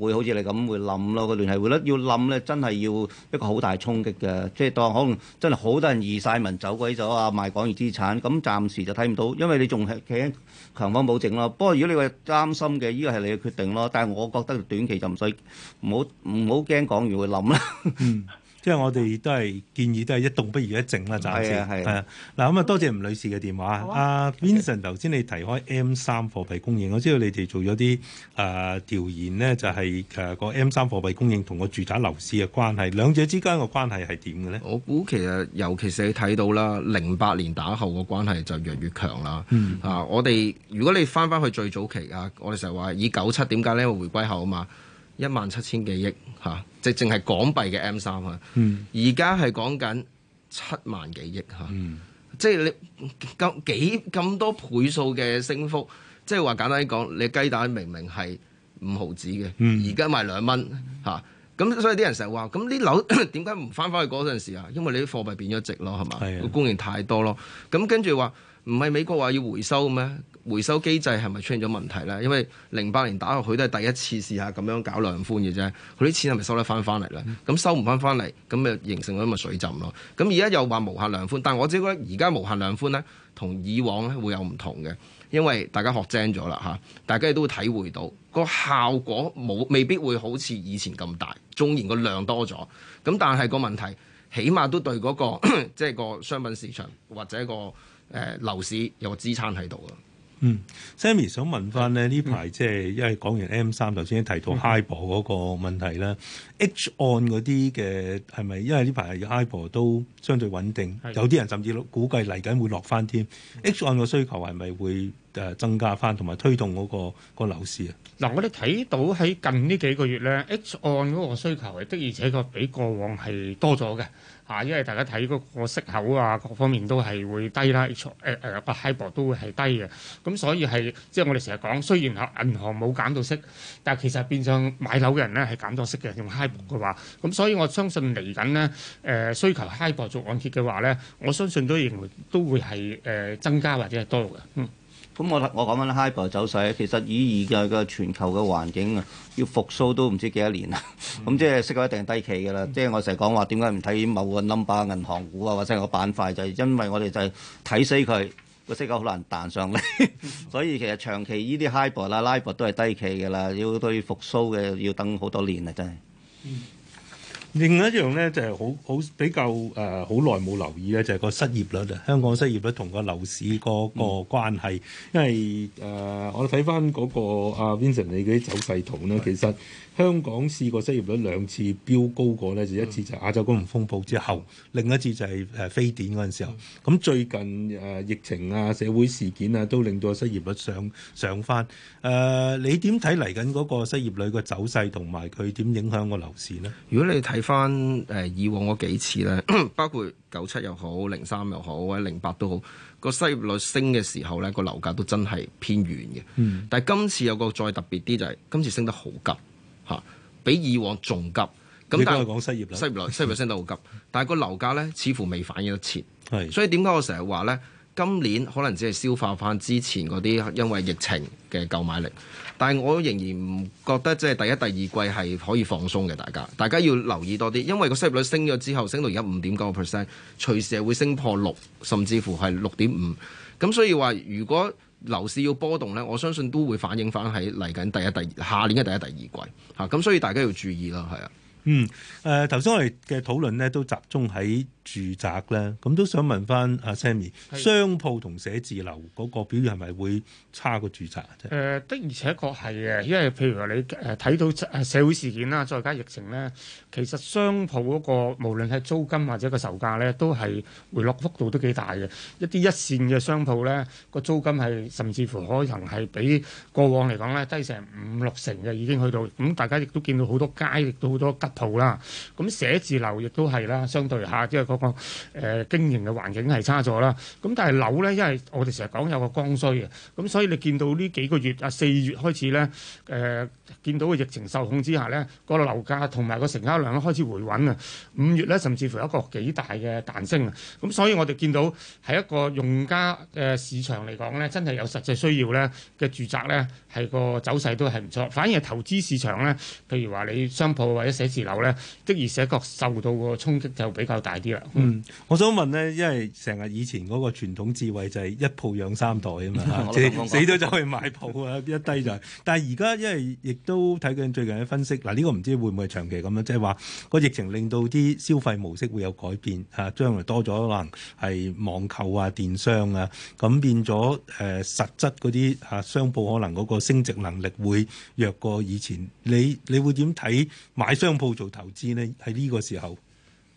會好似你咁會冧咯，個聯繫匯率要冧咧，真係要一個好大衝擊嘅。即係當可能真係好多人移晒民走鬼咗啊，賣港元資產，咁暫時就睇唔到，因為你仲係企喺強方保證咯。不過如果你話擔心嘅，呢個係你嘅決定咯。但係我覺得短期就唔使唔好唔好驚港元會冧啦。嗯即係我哋都係建議，都係一動不如一靜啦、啊，暫時。係啊係啊，嗱咁啊，啊，多謝吳女士嘅電話。阿 Vincent，頭先你提開 M 三貨幣供應，我知道你哋做咗啲啊調研呢就係誒個 M 三貨幣供應同個住宅樓市嘅關係，兩者之間嘅關係係點嘅咧？我估其實，尤其是你睇到啦，零八年打後嘅關係就越嚟越強啦、嗯啊。啊，我哋如果你翻翻去最早期啊，我哋成日話以九七點解呢咧，回歸後啊嘛。一萬七千幾億嚇、啊，即係淨係港幣嘅 M 三啊，而家係講緊七萬億、啊嗯、幾億嚇，即係你咁幾咁多倍數嘅升幅，即係話簡單啲講，你雞蛋明明係五毫子嘅，而家、嗯、賣兩蚊嚇，咁、啊、所以啲人成日話，咁啲樓點解唔翻翻去嗰陣時啊？因為你啲貨幣變咗值咯，係嘛？個供應太多咯，咁跟住話唔係美國話要回收咩？回收機制係咪出現咗問題咧？因為零八年打落去都係第一次試下咁樣搞量寬嘅啫，佢啲錢係咪收得翻翻嚟咧？咁、嗯、收唔翻翻嚟，咁咪形成咗咪水浸咯？咁而家又話無限量寬，但係我自己覺得而家無限量寬咧，同以往咧會有唔同嘅，因為大家學精咗啦嚇，大家亦都會體會到、那個效果冇未必會好似以前咁大，縱然個量多咗，咁但係個問題起碼都對嗰、那個即係、 就是、個商品市場或者個誒樓市有個支撐喺度啊。嗯，Sammy 想問翻咧呢排即係因為講完 M 三頭先提到 High 博嗰個問題咧、嗯、，H 按嗰啲嘅係咪因為呢排 High 博都相對穩定，是有啲人甚至估計嚟緊會落翻添，H 按個需求係咪會誒增加翻，同埋推動嗰、嗰個、嗰個樓市啊？嗱，我哋睇到喺近呢幾個月咧，H 按嗰個需求的而且確比過往係多咗嘅。嚇，因為大家睇嗰個息口啊，各方面都係會低啦，誒誒個 HIBOR 都會係低嘅，咁、嗯、所以係即係我哋成日講，雖然銀行冇減到息，但係其實變相買樓嘅人咧係減到息嘅，用 HIBOR 嘅話，咁、嗯、所以我相信嚟緊呢，誒、呃、需求 HIBOR 做按揭嘅話咧，我相信都認為都會係誒、呃、增加或者係多嘅，嗯。咁、嗯、我我講緊啦，HIBOR 走勢，其實以而家嘅全球嘅環境啊，要復甦都唔知幾多年啦。咁即係息口一定係低企㗎啦。即係我成日講話，點解唔睇某個 number 銀行股啊，或者係個板塊，就係、是、因為我哋就係睇死佢個息口好難彈上嚟。 所以其實長期依啲 HIBOR 啦、LIBOR 都係低企㗎啦，要都要復甦嘅，要等好多年啊，真係。嗯。另一樣咧，就係好好比較誒，好耐冇留意咧，就係、是、個失業率啊。香港失業率同個樓市個個關係，嗯、因為誒、呃，我哋睇翻嗰個阿、啊、Vincent 你嗰啲走勢圖咧，的其實香港試過失業率兩次飆高過咧，就一次就亞洲金融風暴之後，的另一次就係誒非典嗰陣時候。咁的最近誒、呃、疫情啊、社會事件啊，都令到失業率上上翻。誒、呃，你點睇嚟緊嗰個失業率個走勢同埋佢點影響個樓市呢？如果你睇。睇返誒以往嗰幾次咧，包括九七又好，零三又好，或者零八都好，個失業率升嘅時候咧，個樓價都真係偏軟嘅。嗯，但係今次有個再特別啲就係、是，今次升得好急嚇，比以往仲急。咁但係講失業率，失業率升得好急，但係個樓價咧，似乎未反映得切。係，是的 所以點解我成日話咧？今年可能只係消化翻之前嗰啲因為疫情嘅購買力，但係我仍然唔覺得即係第一、第二季係可以放鬆嘅。大家，大家要留意多啲，因為個失業率升咗之後，升到而家五點九個 percent，隨時係會升破六，甚至乎係六點五。咁所以話，如果樓市要波動呢，我相信都會反映翻喺嚟緊第一、第二下年嘅第一、第二季。吓咁，所以大家要注意啦，係啊。嗯，誒、呃，頭先我哋嘅討論呢都集中喺。住宅咧，咁都想問翻阿 Sammy，商鋪同寫字樓嗰個表現係咪會差過住宅啊？誒、呃，的而且確係嘅，因為譬如話你誒睇到社會事件啦，再加疫情咧，其實商鋪嗰、嗰個無論係租金或者個售價咧，都係回落幅度都幾大嘅。一啲一線嘅商鋪咧，個租金係甚至乎可能係比過往嚟講咧低成五六成嘅，已經去到。咁大家亦都見到好多街亦都好多吉鋪啦。咁寫字樓亦都係啦，相對下即係、即係、個。個誒經營嘅環境係差咗啦，咁但係樓咧，因為我哋成日講有個剛需嘅，咁所以你見到呢幾個月啊，四月開始咧，誒、呃、見到個疫情受控之下咧，個樓價同埋個成交量開始回穩啊，五月咧甚至乎一個幾大嘅彈升啊，咁所以我哋見到喺一個用家誒市場嚟講咧，真係有實際需要咧嘅住宅咧，係個走勢都係唔錯，反而係投資市場咧，譬如話你商鋪或者寫字樓咧，的而且確受到個衝擊就比較大啲啦。嗯，我想問呢，因為成日以前嗰個傳統智慧就係一鋪養三代啊嘛，即係 死咗就可以買鋪啊，一低就係。但係而家因為亦都睇緊最近嘅分析，嗱、這、呢個唔知會唔會長期咁樣，即係話個疫情令到啲消費模式會有改變嚇，將來多咗可能係網購啊、電商啊，咁變咗誒實質嗰啲嚇商鋪可能嗰個升值能力會弱過以前。你你會點睇買商鋪做投資呢？喺呢個時候？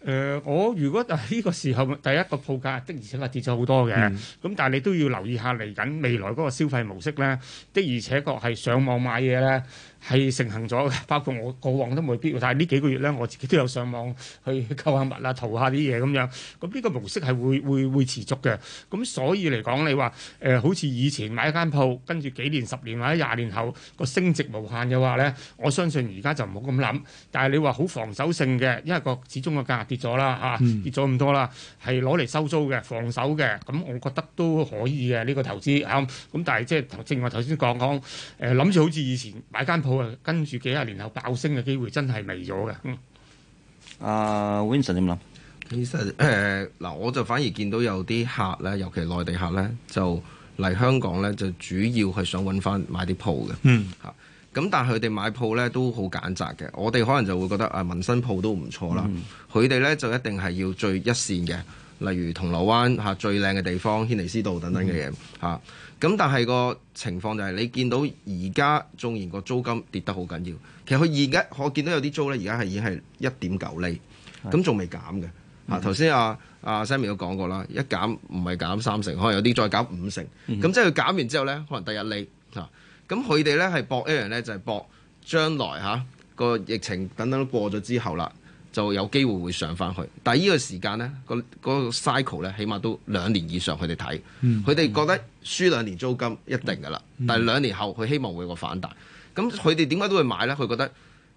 誒、呃，我如果呢個時候，第一個鋪價的而且確跌咗好多嘅，咁、嗯、但係你都要留意下嚟緊未來嗰個消費模式咧，的而且確係上網買嘢咧。係盛行咗嘅，包括我過往都冇必要，但係呢幾個月咧，我自己都有上網去購下物啊、淘下啲嘢咁樣。咁呢個模式係會會會持續嘅。咁所以嚟講，你話誒、呃、好似以前買間鋪，跟住幾年、十年或者廿年後個升值無限嘅話咧，我相信而家就唔好咁諗。但係你話好防守性嘅，因為個始終個價跌咗啦嚇，跌咗咁多啦，係攞嚟收租嘅、防守嘅，咁我覺得都可以嘅呢、呢個投資。咁咁，但係即係正如我頭先講講，誒諗住好似以前買間鋪。好啊，跟住幾十年後爆升嘅機會真係微咗嘅。嗯。阿 Winson 點諗？其實誒嗱、呃，我就反而見到有啲客咧，尤其內地客咧，就嚟香港咧，就主要係想揾翻買啲鋪嘅。嗯。嚇。咁但係佢哋買鋪咧都好揀擇嘅。我哋可能就會覺得啊，民生鋪都唔錯啦。佢哋咧就一定係要最一線嘅，例如銅鑼灣嚇，最靚嘅地方、軒尼詩道等等嘅嘢嚇。嗯嗯。咁但係個情況就係你見到而家縱然個租金跌得好緊要，其實佢而家我見到有啲租呢，而家係已經係一點九厘，咁仲未減嘅、嗯啊。啊，頭先阿阿 Sammy 都講過啦，一減唔係減三成，可能有啲再減五成。咁即係佢減完之後呢，可能第一厘。啊，咁佢哋呢係博一樣呢，就係、是、博將來吓、啊、個疫情等等都過咗之後啦。就有機會會上翻去，但係呢個時間呢，個、嗰個 cycle 呢，起碼都兩年以上，佢哋睇，佢哋、嗯、覺得輸兩年租金一定㗎啦。嗯、但係兩年後，佢希望會有個反彈。咁佢哋點解都會買呢？佢覺得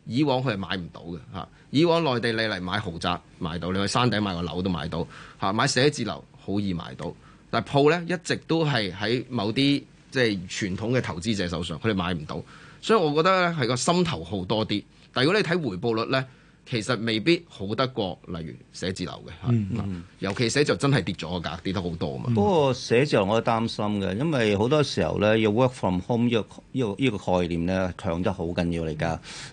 以往佢係買唔到嘅嚇、啊。以往內地你嚟買豪宅買到，你去山頂買個樓都買到嚇、啊，買寫字樓好易,、啊、易買到。但係鋪呢，一直都係喺某啲即係傳統嘅投資者手上，佢哋買唔到。所以我覺得呢係個心頭好多啲。但係如果你睇回報率,率呢。其實未必好得過，例如寫字樓嘅，嗯、尤其寫就真係跌咗個價，跌得好多啊嘛。嗯、不過寫字樓我都擔心嘅，因為好多時候咧，要 work from home 呢、依個依個依個概念咧，強得好緊要嚟噶。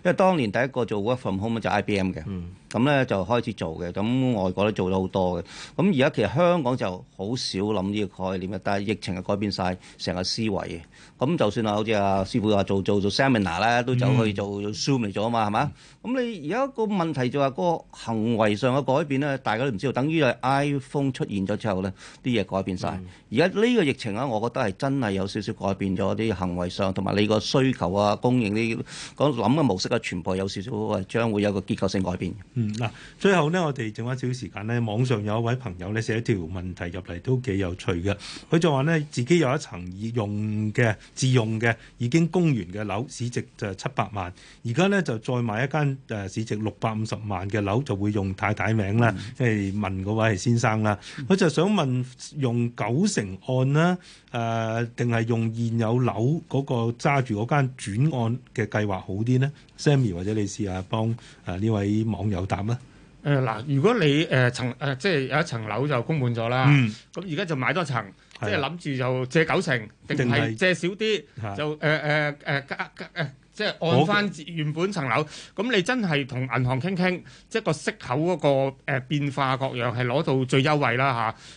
因為當年第一個做 work from home 就 IBM 嘅，咁咧、嗯、就開始做嘅。咁外國都做咗好多嘅。咁而家其實香港就好少諗呢個概念嘅，但係疫情係改變晒成個思維嘅。咁就算話好似阿師傅話做做做 seminar 咧，都走去做 zoom 嚟咗啊嘛，係嘛？咁你而家個問題就係個行為上嘅改變咧，大家都唔知道。等於係 iPhone 出現咗之後咧，啲嘢改變晒。而家呢個疫情啊，我覺得係真係有少少改變咗啲行為上，同埋你個需求啊、供應呢講諗嘅模式啊，全部有少少係將會有個結構性改變。嗯，嗱，最後呢，我哋剩翻少少時間呢，網上有一位朋友咧寫一條問題入嚟都幾有趣嘅。佢就話呢，自己有一層已用嘅自用嘅已經供完嘅樓，市值就七百萬，而家呢就再買一間。誒市值六百五十萬嘅樓就會用太太名啦，即係問嗰位係先生啦。佢就想問，用九成按啦，誒定係用現有樓嗰個揸住嗰間轉案嘅計劃好啲呢？Sammy 或者你試下幫誒呢位網友答啦。誒嗱，如果你誒層誒即係有一層樓就供滿咗啦，咁而家就買多層，即係諗住就借九成，定係借少啲就誒誒誒加加誒，即係按翻原本層樓，咁、哦、你真係同銀行傾傾，即係個息口嗰個誒變化各樣係攞到最優惠啦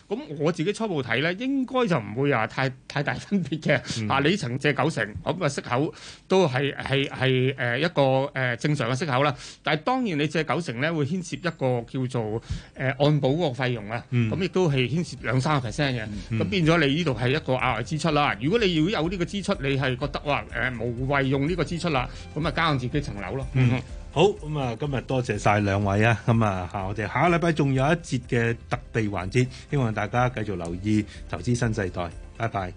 吓，咁、啊、我自己初步睇咧，應該就唔會話太太大分別嘅。啊，你層借九成，咁、啊、個息口都係係係誒一個誒、呃、正常嘅息口啦。但係當然你借九成咧，會牽涉一個叫做誒、呃、按保嗰個費用啊。咁亦都係牽涉兩三個 percent 嘅。咁、嗯嗯、變咗你呢度係一個額外支出啦。如果你如果有呢個支出，你係覺得哇誒、呃呃、無謂用呢個支出。啦，咁啊，加上自己層樓咯。嗯，好，咁啊，今日多謝晒兩位啊，咁、嗯、啊，下我哋下個禮拜仲有一節嘅特備環節，希望大家繼續留意投資新世代，拜拜。